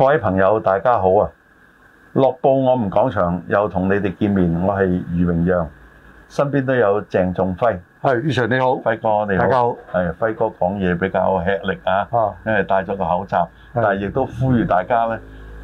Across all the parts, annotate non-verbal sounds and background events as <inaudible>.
各位朋友，大家好啊！樂報我唔講場，又同你哋見面，我係余榮讓，身邊都有鄭仲輝。係，余 sir 你好，輝哥你好，大家好。係輝哥講嘢比較吃力啊，因為戴咗個口罩，但係亦都呼籲大家咧，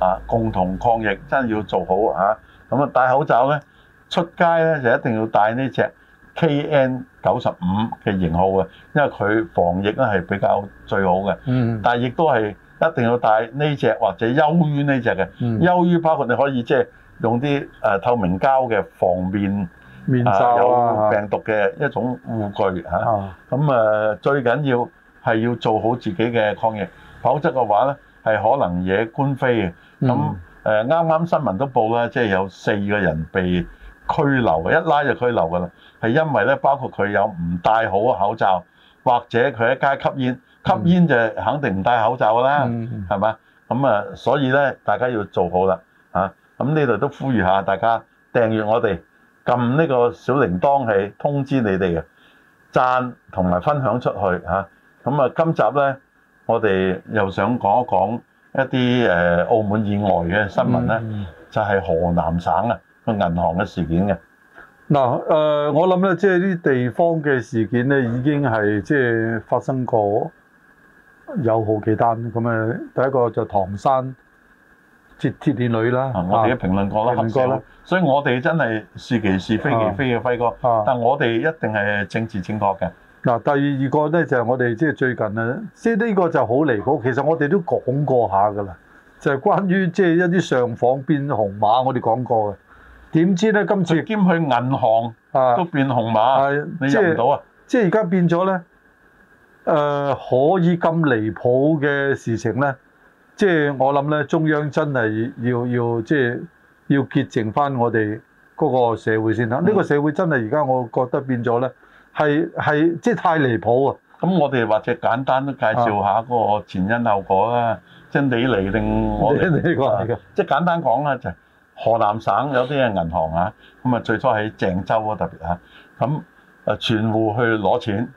啊共同抗疫，真係要做好啊！咁啊，戴口罩咧，出街咧就一定要戴呢隻 KN 九十五嘅型號啊，因為佢防疫咧係比較最好嘅。嗯，但係亦都係。一定要戴呢隻或者優於呢隻嘅，優於包括你可以即係、就是、用啲誒透明膠嘅防面面罩啊，啊有病毒嘅一種護具嚇。咁啊，啊最緊要係要做好自己嘅抗疫，否則嘅話咧係可能惹官非嘅。咁誒啱啱新聞都報啦，即、就、係、是、有四個人被拘留，一拉就拘留噶啦，係因為咧包括佢有唔戴好嘅口罩，或者佢喺街吸煙。吸煙就肯定唔戴口罩啦，係、嗯、嘛？咁啊、嗯，所以咧，大家要做好啦嚇。咁呢度都呼籲一下大家訂閱我哋，撳呢個小鈴鐺起通知你哋嘅贊同埋分享出去嚇。咁啊，啊，今集咧，我哋又想講一講一啲誒、呃、澳門以外嘅新聞咧、嗯，就係、是、河南省啊個銀行嘅事件嘅、啊。嗱、呃、誒，我諗咧，即係啲地方嘅事件咧，已經係即係發生過。有好奇，但咁誒，第一個就唐山接鐵鏈女啦。我哋都評論過啦，所以我哋真係是其是非其非嘅輝哥，但我哋一定係政治正確嘅。嗱，第二個咧就係我哋即係最近啊，即係呢個就好離譜。其實我哋都講過下㗎啦，就係關於即係一啲上訪變紅馬，我哋講過嘅。點知咧，今次兼去銀行啊都變紅馬，你入唔到啊？即係而家變咗咧。誒、呃、可以咁離譜嘅事情咧，即、就、係、是、我諗咧，中央真係要要即係、就是、要潔淨翻我哋嗰個社會先呢、嗯呢個社會真係而家我覺得變咗咧，係係即係太離譜啊！咁我哋或者簡單介紹一下嗰個前因後果啊，即、啊、係、就是、你嚟定我聽你講即係簡單講啦，就係、河南省有啲嘅銀行啊，咁啊最初喺鄭州啊特別啊，咁全戶去攞錢。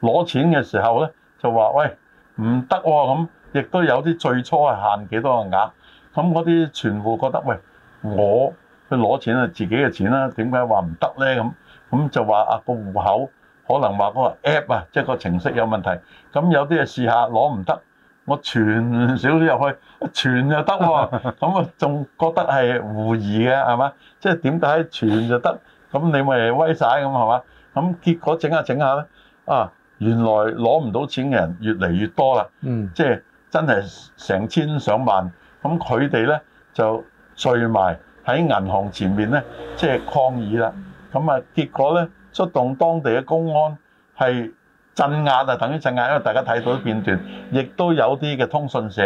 攞錢嘅時候咧，就話喂，唔得喎咁，亦都、啊、有啲最初係限幾多個額。咁嗰啲存戶覺得喂，我去攞錢啊，自己嘅錢啦，點解話唔得咧？咁咁就話啊、個戶口可能話個 app 啊，即係個程式有問題。咁有啲啊試下攞唔得，我存少少入去，存就得喎、啊。咁啊仲覺得係狐疑嘅係嘛？即係點解存就得、是？咁你咪威晒咁係嘛？咁結果整下整下咧啊！原來攞唔到錢嘅人越嚟越多啦，嗯，即係真係成千上萬，咁佢哋咧就聚埋喺銀行前面咧，即係抗議啦。咁啊，結果咧，出動當地嘅公安係鎮壓啊，等於鎮壓，因為大家睇到啲片段，亦都有啲嘅通訊社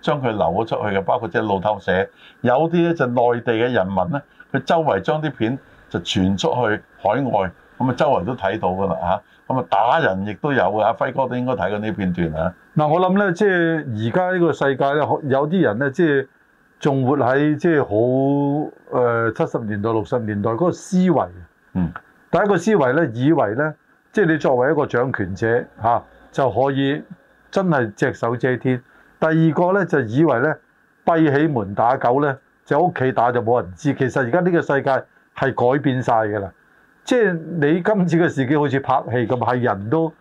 將佢流咗出去嘅，包括即係路透社，有啲咧就內地嘅人民咧，佢周圍將啲片就傳出去海外。咁啊，周圍都睇到㗎啦嚇！咁啊，打人亦都有嘅，阿輝哥都應該睇過呢啲片段啊。嗱，我諗咧，即係而家呢個世界咧，有啲人咧，即係仲活喺即係好誒七十年代、六十年代嗰個思維。嗯。第一個思維咧，以為咧，即係你作為一個掌權者嚇，就可以真係隻手遮天。第二個咧，就以為咧，閉起門打狗咧，就屋企打就冇人知。其實而家呢個世界係改變晒㗎啦。即係你今次嘅事件好似拍戲咁，係人都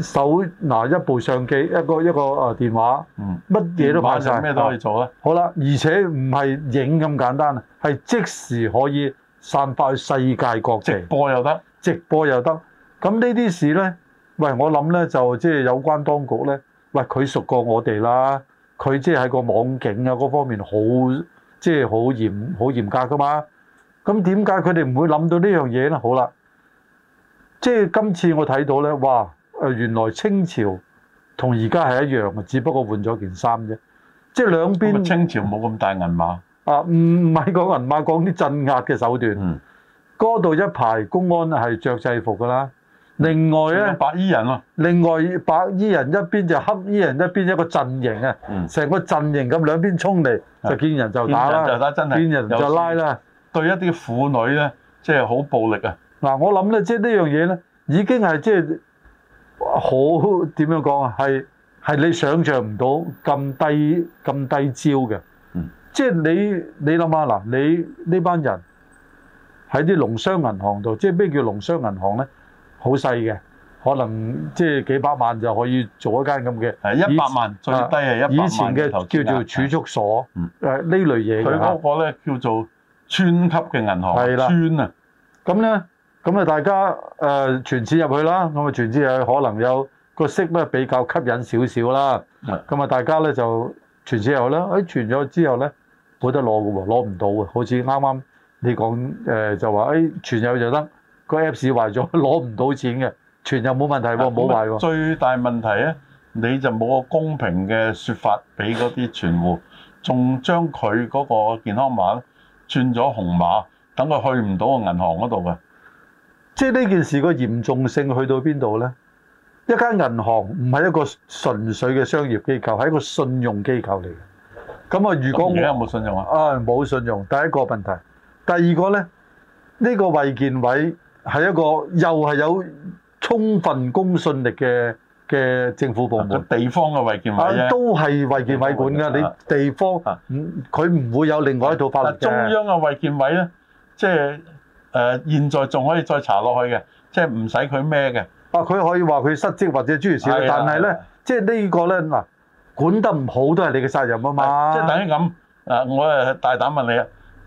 手拿一部相機，一個一個啊電話，嗯，乜嘢都拍晒，咩都可以做啦。好啦，而且唔係影咁簡單啊，係即時可以散發去世界各地。直播又得，直播又得。咁呢啲事咧，喂，我諗咧就即係有關當局咧，喂，佢熟過我哋啦，佢即係喺個網警啊嗰方面好即係好嚴好嚴格㗎嘛。咁點解佢哋唔會諗到呢樣嘢咧？好啦，即係今次我睇到咧，哇！誒，原來清朝同而家係一樣啊，只不過換咗件衫啫。即係兩邊、那個、清朝冇咁大銀碼啊，唔唔係講銀碼，講啲鎮壓嘅手段。嗰、嗯、度一排公安係著制服㗎啦。另外咧，白衣人啊，另外白衣人一邊就黑衣人一邊一個陣營啊，成、嗯、個陣營咁兩邊衝嚟、嗯、就見人就打啦，見人就拉啦。對一啲婦女咧，即係好暴力啊！嗱、啊，我諗咧，即係呢樣嘢咧，已經係即係好點樣講啊？係係你想像唔到咁低咁低招嘅。嗯，即係你你諗下嗱，你呢班人喺啲農商銀行度，即係咩叫農商銀行咧？好細嘅，可能即係幾百萬就可以做一間咁嘅。係一百萬最低係一百萬。以、啊、以前嘅叫做儲蓄所，誒、嗯啊、呢類嘢。佢嗰個咧叫做，村級嘅銀行，村啊，咁咧，咁啊大家誒存、呃、錢入去啦，咁啊存錢入去可能有個息咧比較吸引少少啦，咁啊大家咧就存錢入去啦，誒存咗之後咧冇得攞嘅喎，攞唔到啊，好似啱啱你講誒、呃、就話誒存入去就得，個 apps 壞咗攞唔到錢嘅，存又冇問題喎，冇壞喎。啊、最大問題咧，你就冇個公平嘅説法俾嗰啲存戶，仲 <laughs> 將佢嗰個健康碼。轉咗紅碼，等佢去唔到個銀行嗰度嘅。即係呢件事個嚴重性去到邊度呢？一間銀行唔係一個純粹嘅商業機構，係一個信用機構嚟嘅。咁啊，如果而家有冇信用啊？啊、哎，冇信用。第一個問題，第二個呢，呢、呢個衞健委係一個又係有充分公信力嘅。嘅政府部門、地方嘅衛健委、啊、都係衛健委管嘅。你地方佢唔、啊、會有另外一套法律嘅、啊、中央嘅衛健委咧，即係誒、呃，現在仲可以再查落去嘅，即係唔使佢咩嘅。啊，佢可以話佢失職或者諸如此類，但係咧，即係呢個咧嗱，管得唔好都係你嘅責任啊嘛。是即係等於咁，啊，我係大膽問你啊。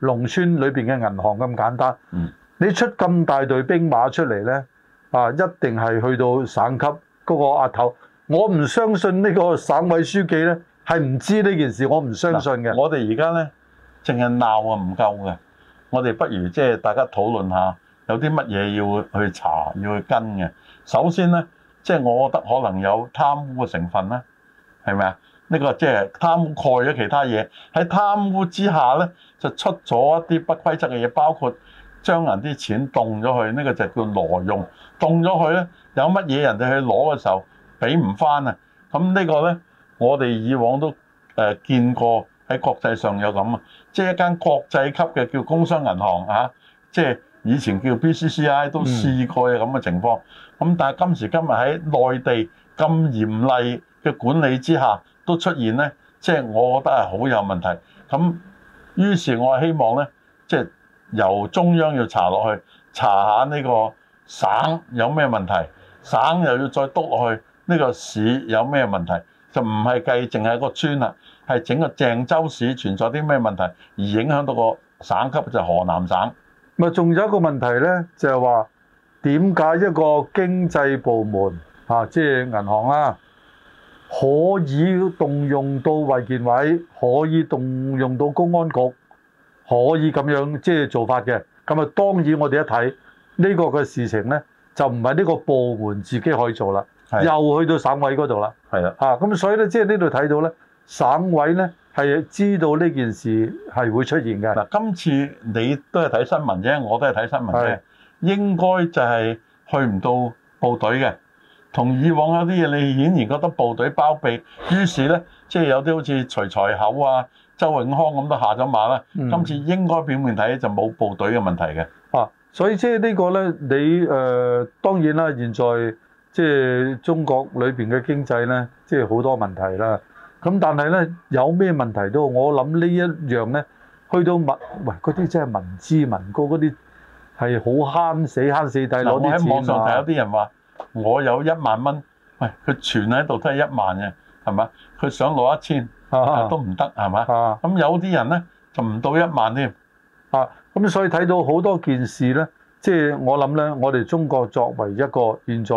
農村裏邊嘅銀行咁簡單，你出咁大隊兵馬出嚟呢，啊一定係去到省級嗰個阿頭。我唔相信呢個省委書記呢係唔知呢件事，我唔相信嘅、嗯。我哋而家呢，淨係鬧啊唔夠嘅，我哋不如即係大家討論一下有啲乜嘢要去查要去跟嘅。首先呢，即係我覺得可能有貪污嘅成分啦，係咪啊？呢個即係貪污蓋咗其他嘢，喺貪污之下咧，就出咗一啲不規則嘅嘢，包括將人啲錢凍咗去。呢個就叫挪用，凍咗去咧，有乜嘢人哋去攞嘅時候俾唔翻啊？咁呢個咧，我哋以往都誒見過喺國際上有咁啊，即係一間國際級嘅叫工商銀行啊，即係以前叫 BCCI 都試過嘅咁嘅情況。咁，嗯，但係今時今日喺內地咁嚴厲嘅管理之下，都出現呢，即係我覺得係好有問題。咁於是，我希望呢，即係由中央要查落去，查下呢個省有咩問題，省又要再督落去呢個市有咩問題，就唔係計淨係個村啦，係整個鄭州市存在啲咩問題，而影響到個省級就河南省。咪仲有一個問題呢，就係話點解一個經濟部門啊，即係銀行啦、啊。可以動用到衞健委，可以動用到公安局，可以咁樣即係、就是、做法嘅。咁啊，當然我哋一睇呢、呢個嘅事情呢，就唔係呢個部門自己可以做啦，又去到省委嗰度啦。係啦、啊，啊咁所以呢，即係呢度睇到呢省委呢，係知道呢件事係會出現嘅。嗱，今次你都係睇新聞啫，我都係睇新聞啫，係應該就係去唔到部隊嘅。同以往有啲嘢，你顯然覺得部隊包庇，於是咧，即係有啲好似徐才厚啊、周永康咁都下咗馬啦、嗯。今次應該表面睇就冇部隊嘅問題嘅。啊，所以即係呢個咧，你誒、呃、當然啦，現在即係中國裏面嘅經濟咧，即係好多問題啦。咁但係咧，有咩問題都我諗呢一樣咧，去到民，喂，嗰啲即係民脂民膏嗰啲係好慳死慳死抵攞啲錢。我喺網上睇有啲人話。我有一萬蚊，喂，佢存喺度都係一萬嘅，係嘛？佢想攞一千啊都唔得係嘛？咁有啲人咧就唔到一萬添啊！咁所以睇到好多件事咧，即係我諗咧，我哋中國作為一個現在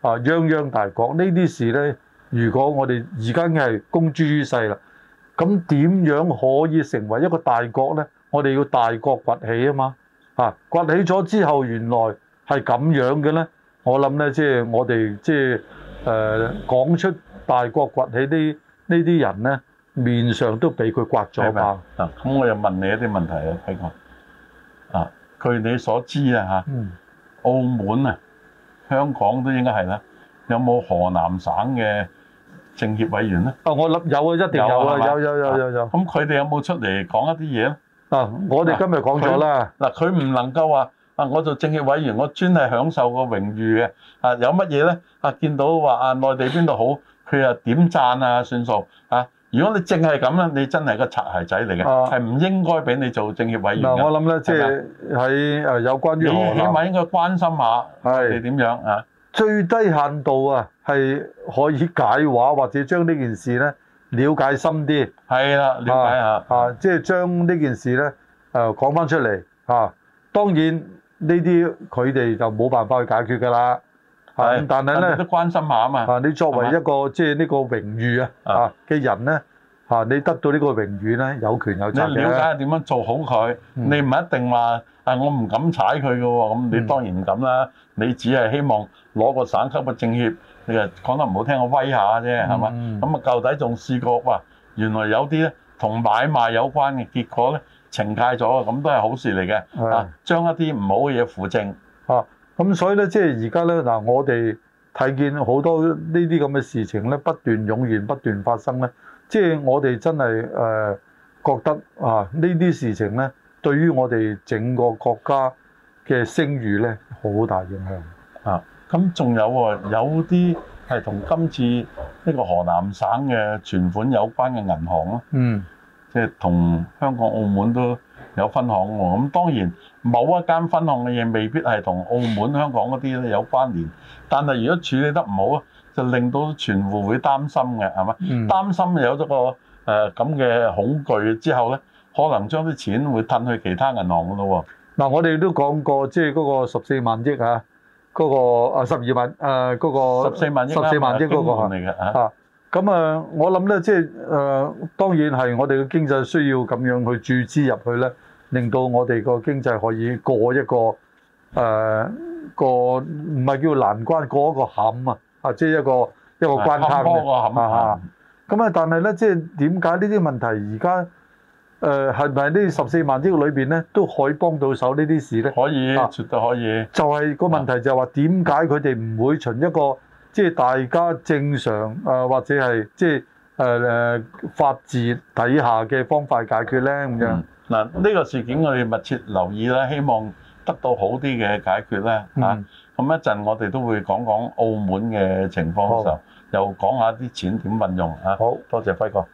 啊泱泱大國，呢啲事咧，如果我哋而家係公諸於世啦，咁點樣可以成為一個大國咧？我哋要大國崛起啊嘛！嚇，崛起咗之後，原來係咁樣嘅咧。我諗咧，即係我哋即係誒講出大國崛起呢呢啲人咧，面上都俾佢刮咗吧？嗱，咁我又問你一啲問題啊，睇過啊？據你所知啊，嚇，澳門啊、香港都應該係啦，有冇河南省嘅政協委員咧？啊，我諗有啊，一定有啊，有有有有有。咁佢哋有冇出嚟講一啲嘢咧？嗱，我哋今日講咗啦。嗱，佢唔能夠話。啊！我做政協委員，我專係享受個榮譽嘅。啊，有乜嘢咧？啊，見到話啊，內地邊度好，佢又點讚啊，算數啊！如果你淨係咁啦，你真係個擦鞋仔嚟嘅，係，啊，唔應該俾你做政協委員，啊，我諗咧，即係喺誒有關於我，起碼應該關心下係點樣啊？最低限度啊，係可以解話或者將呢件事咧了解深啲。係啦，了解下啊，即係，就是，將呢件事咧誒講翻出嚟嚇，啊。當然。呢啲佢哋就冇辦法去解決㗎啦，係，但係咧都關心下啊嘛。啊，你作為一個即係呢個榮譽啊嘅人咧，啊，你得到呢個榮譽咧，有權有責嘅。你瞭解下點樣做好佢、嗯，你唔一定話、哎、啊，我唔敢踩佢嘅喎，咁你當然唔敢啦。嗯、你只係希望攞個省級嘅政協，你話講得唔好聽，我威下啫，係嘛？咁啊，舊底仲試過，哇，原來有啲咧同買賣有關嘅結果咧。澄清咗啊，咁都係好事嚟嘅。啊，將一啲唔好嘅嘢扶正啊，咁所以咧，即係而家咧嗱，我哋睇見好多呢啲咁嘅事情咧，不斷湧現，不斷發生咧，即係我哋真係誒、呃、覺得啊，呢啲事情咧，對於我哋整個國家嘅聲譽咧，好大影響啊。咁仲有啊，有啲係同今次呢個河南省嘅存款有關嘅銀行咯。嗯。即係同香港、澳門都有分行喎。咁當然某一間分行嘅嘢未必係同澳門、香港嗰啲有關連，但係如果處理得唔好，就令到全戶會擔心嘅，係嘛、嗯？擔心有咗個誒咁嘅恐懼之後咧，可能將啲錢會褪去其他銀行嘅咯喎。嗱、嗯，我哋都講過，即係嗰個十四萬億啊，嗰、嗰個啊十二萬誒嗰、啊嗰個十四萬億十四萬億嗰、嗰個嚇。是咁啊，我諗咧，即係誒，當然係我哋嘅經濟需要咁樣去注資入去咧，令到我哋個經濟可以過一個誒個唔係叫難關，過一個坎啊，啊，即係一個一個關卡嘅坎啊。咁啊，但係咧，即係點解呢啲問題而家誒係咪呢十四萬呢個裏邊咧，都可以幫到手呢啲事咧？可以，絕對可以。就係個問題就係話點解佢哋唔會循一個？即係大家正常啊，或者係即係誒誒法治底下嘅方法解決咧咁樣。嗱、嗯，呢、這個事件我哋密切留意啦，希望得到好啲嘅解決咧嚇。咁一陣我哋都會講講澳門嘅情況嘅時候，又講下啲錢點運用嚇。好多謝輝哥。